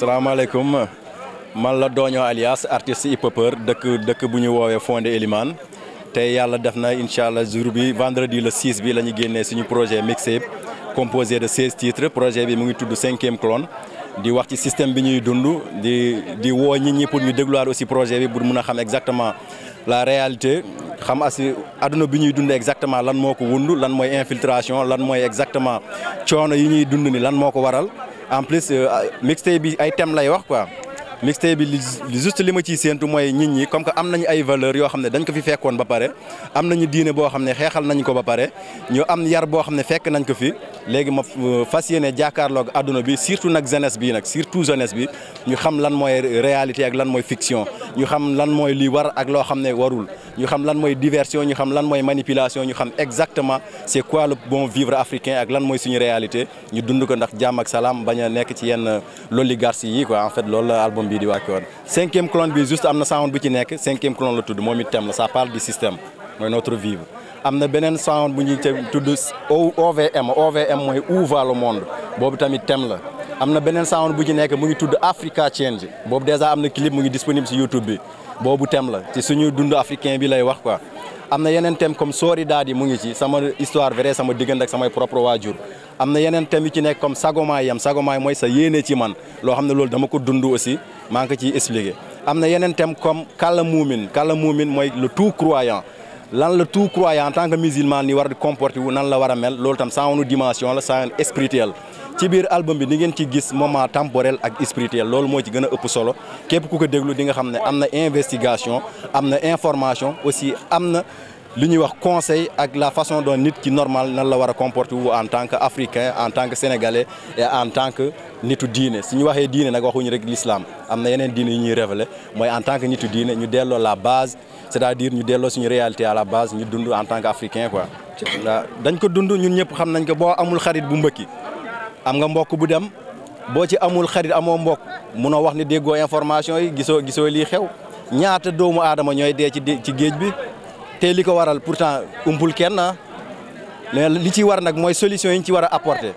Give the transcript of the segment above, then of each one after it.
Salam alaikum. la alias artiste hip hopeur de dëkk bu ñu Fondé Eliman. tey yalla defna inshallah incha jour bi vendredi le 6 bi lañu ñu suñu projet mixtape composé de 16 titres projet bi mu ngi tudd e clone di wax ci système bi ñuy dundu di di wo nit ñi pour ñu dégluwaat aussi projet bi pour mëna xam exactement la réalité xam asi aduna bi ñuy dund exactement lan moko wundu lan moy infiltration lan moy exactement choono yi ñuy dund ni lan moko waral en plus euh, mixtape bi ay thèmes lay wax quoi mixtape bi juste li ma qui sentu moy nit ñi comme que am ay valeurs yo dañ ko fi ba paré am nañ ko ba paré ñu am yar bo fekk nañ ko fi ma euh, surtout nak jeunesse bi surtout jeunesse bi ñu xam lan réalité ak lan nous fiction ñu xam lan moy li war ak lo xam warul ñu xam lan diversion ñu xam lan manipulation ñu xam exactement c'est quoi le bon vivre africain ak lan moy suñu réalité ñu dund ko ndax jam ak salam, baña ci l'oligarchie quoi en fait album cinquième colonne bi juste sound bu cinquième colonne la tudd ça parle du système notre vivre. amna benen sound bu tudd OVM OVM le monde bobu tamit thème la. sound bu Africa Change bobu déjà amna clip disponible YouTube boobu thème la ci suñu dund africain bi lay wax quoi am na yeneen thème comme soori daal di mu ngi ci sama histoire vraie sama diggante ak samay propre waajur am na yeneen thème yu ci nekk comme sagomaay yam sagomaay mooy sa yéene ci man loo xam ne loolu dama ko dund aussi maa ngi ci expliqué am na yeneen tem comme kàlla muumin kàlla muumin mooy le tout croyant lan la tout croyant en tant que musulman ni war comporter nan la dimension la un spirituel. ci album bi ni moment temporel spirituel ci solo ko investigation amna information aussi amna conseil ak la façon dont nit ki normal nan la en tant qu'Africain, en tant que sénégalais et en tant que nitu diine suñu waxee diine nag waxuñu rek lislaam am na yeneen diine yu ñuy révélé mooy en tant que nitu diine ñu delloo la base c'est-à-dire ñu delloo suñu réalité à la base ñu dund en tant qu'africain quoi dañ ko dund ñun ñëpp xam nañ ko boo amul xarit bu mbëkki am nga mbokk bu dem boo ci amul xarit amoo mbokk munoo wax ni déggoo information yi gisoo gisoo lii xew ñaata doomu aadama ñooy dee ci ci géej bi te li ko waral pourtant umpul kenn ah. li ci war nag mooy solution yi ñu ci war a apporter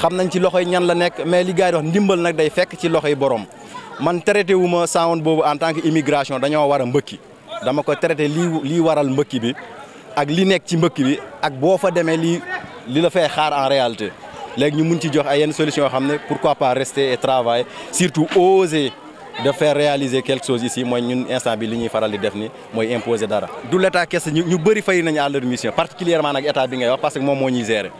xamnañ ci loxoy ñan la nek mais li gaay wax ndimbal nak day fekk ci loxoy borom man traité wuma sawon bobu en tant que immigration dañoo wara a mbëkki dama ko traité li li waral mbëkki bi ak li nek ci mbëkk bi ak bo fa démé li li la fay xaar en réalité légui ñu mun ci jox ay yenn solution xamné pourquoi pas rester et travailler surtout oser de faire réaliser quelque chose ici moy ñun instant bi li ñuy faral di def ni moy imposer dara. du l'état kess ñu bëri fay nañ à leur mission particulièrement nak état bi ngay wax parce que mom mo ñuy gérer.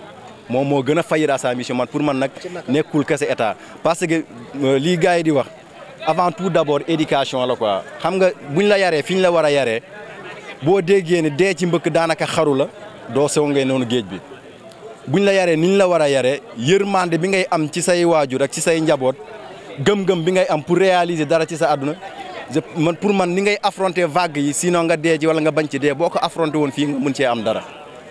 moom moo gën a faillir à sa mission man pour man nag nekkul kese état parce que euh, lii gars yi di wax avant tout d'abord éducation la quoi xam nga buñ la yaree fi ñu la war a yaree boo déggee ne dee ci mbëkk daanaka xaru la doo sew ngay noonu géej bi buñ la yaree ñu la war a yaree yërmande bi ngay am ci say waajur ak ci say njaboot gëm-gëm bi ngay am pour réaliser dara ci sa àdduna man pour man ni ngay affronter vague yi sinon nga dee ji nga bañ ci dee boo ko affronter woon fii nga mun cee am dara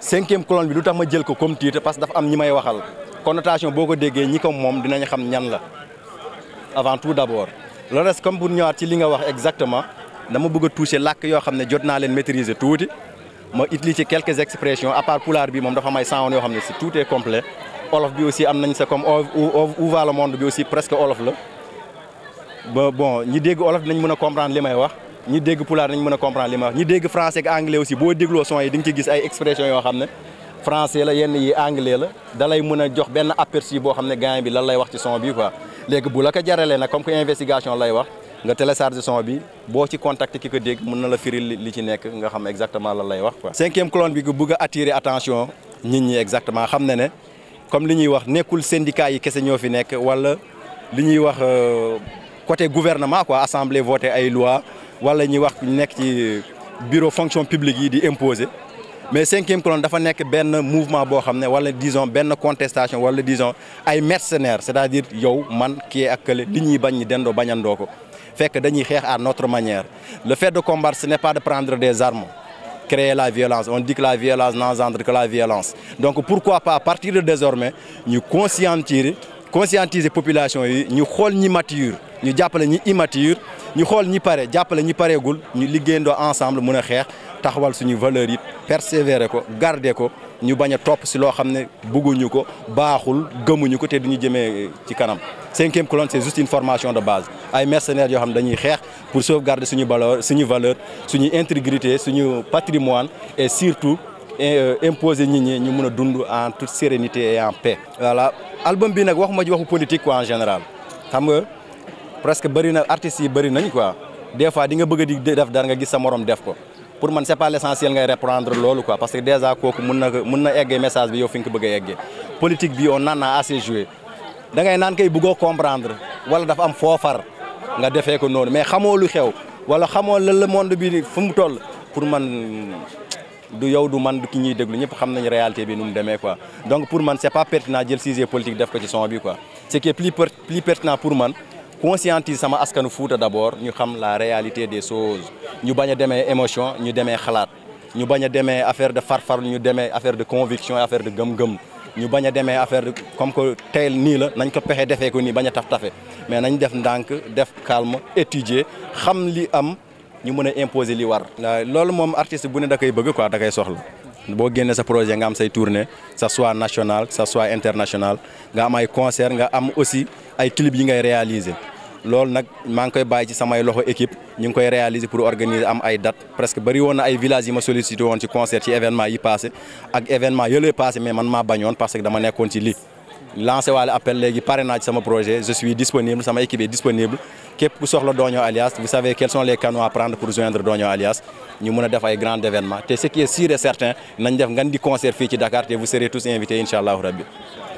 cinquième colonne bi lu ma jël ko comme titre parce que dafa am ñi may waxal connotation boko déggé ñi ko mom dinañ xam ñan la avant tout d'abord. le reste comme pour ñëwaat ci li nga wax exactement dama bëgg toucher lak yo xamné ne jot naa leen maîtriser touti ma utiliser quelques expressions à part pulaar bi mom dafa may sanwoon yo xamné ne tout est complet olof bi aussi am nañ sa comme où va le monde bi aussi presque olof la ba bon ñi dégg olof nañ mëna comprendre li may wax ñi dégg pulaar nañ mën a comprendre li ma wax ñi dégg français ak anglais aussi boo dégloo son yi di nga ci gis ay expressions yoo xam ne français la yenn yi anglais la dalay lay mën a jox benn aperçu boo xam ne gaañ bi lan lay wax ci son bi quoi léegi bu la ko jaralee nag comme que investigation lay wax nga télécharge son bi boo ci contacté ki ko dégg mën na la firil li ci nekk nga xam exactement lan lay wax quoi. cinquième colonne bi bëgg a attirer attention nit ñi exactement xam na ne comme li ñuy wax nekkul syndicat yi kese ñoo fi nekk wala li ñuy wax euh, côté gouvernement quoi assemblée voté ay lois wala ñuy wax nekk ci bureau fonction publique yi di imposer mais cinquième colonne dafa nekk ben mouvement bo xamné wala disons ben contestation wala disons ay mercenaires c'est-à-dire yow man qui ak kële li ñuy bañ ñi dendoo bañandoo ko dañuy à notre manière le fait de combattre ce n'est pas de prendre des armes créer la violence. On dit que la violence n'engendre que la violence. Donc pourquoi pas, à partir de désormais, nous conscientiser, conscientiser la population, nous rôle ni mature, nous appeler les immatures, ñu xool ñi pare jàppale ñi pareegul ñu liguons ensemble mën a xeex taxawal suñu valeur yi persévérer ko garder ko ñu bañ top sur si loo xam quoi, bëgguñu ko baaxul gëmuñu ko te duñu jëmee ci kanam cinquième colonne c'est juste une formation de base ay mercenaires yoo xam ne dañuy xeex pour sauvegarder suñu valeur suñu valeur suñu intégrité suñu patrimoine et surtout eh, euh, imposer nit ñi ñu mën dundu en toute sérénité et en paix. voilà album bi nak waxuma ji waxu politique quoi en général xam nga. presque bari na artiste yi bari nañ quoi des fois di nga bëgg di def dar nga gis sa morom def ko pour man c'est pas l'essentiel ngay reprendre lolu quoi parce que déjà koku mën na mën na eggee message bi yow fi ko bëgg a politique bi on nana assez joué da ngay nan kay bëggoo comprendre wala dafa am fofar nga défé ko non mais xamoo lu xew wala xamoo le monde bi fu mu toll pour man du yow du man du ki ñuy déglu ñëpp xam nañ réalité bi num démé quoi donc pour man c'est pas pertinent jël sujet politique def ko ci son bi quoi ce qui est plus plus pertinent pour man conscientise sama askanu Fuuta d'abord ñu xam la réalité des choses ñu baña démé émotion ñu démé xalat ñu baña démé affaire de farfar ñu démé affaire de conviction affaire de gëm-gëm ñu baña démé affaire de comme que tayl ni la nañ ko pexé défé ko ni baña taf tafé mais nañ def ndank def calme étudier xam li am ñu mëna imposer li war. lool mom artiste bu ne da kay bëgg quoi da kay soxla. bo génné sa projet nga am say tournée ça soit national ça soit international nga am ay concert nga am aussi ay clip yi ngay réaliser loolu nak mang koy bàyyi ci samay loxo équipe ñing koy réaliser pour organiser am ay date presque bari won na ay village yi ma sollicité won ci concert ci événement yi passé ak événement yëlee passé mais man ma bañone parce que dama nekkoon ci li lancer waale appel léegi parrainage sama projet je suis disponible sama équipe est disponible képp ku soxla doño Alias vous savez quels sont les canaux à prendre pour joindre doño Alias ñu mën def ay grands événements té ce qui est sûr et certain nañ def ngan di concert fi ci Dakar té vous serez tous invités inshallah allahu rabbi